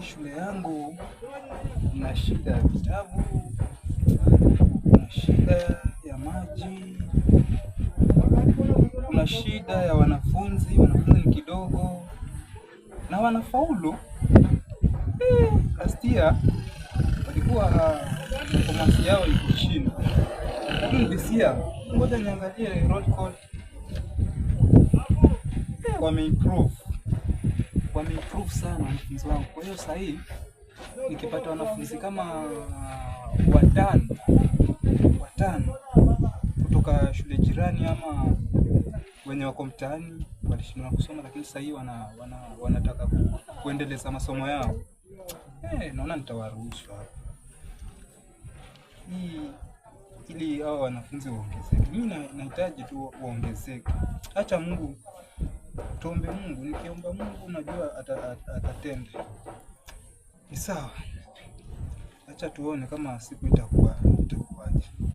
hii shule yangu ina shida ya vitabu, kuna shida ya maji, kuna shida ya wanafunzi. Wanafunzi ni kidogo na wanafaulu. Eh, kastia walikuwa komasi yao iko chini, lakini visia, ngoja niangalie roll call, eh, wameimprove wameimprove sana wanafunzi wangu. Kwa hiyo sasa hivi nikipata wanafunzi kama uh, watano watano kutoka shule jirani ama wenye wako mtaani walishindwa kusoma, lakini sasa hivi wana, wana, wanataka kuendeleza masomo yao eh, naona nitawaruhusu hapo ili hao wanafunzi waongezeke. Mimi nahitaji tu waongezeke, acha Mungu tuombe Mungu, nikiomba Mungu najua atatende. Ni sawa, acha tuone kama siku itakuwa itakuwaje.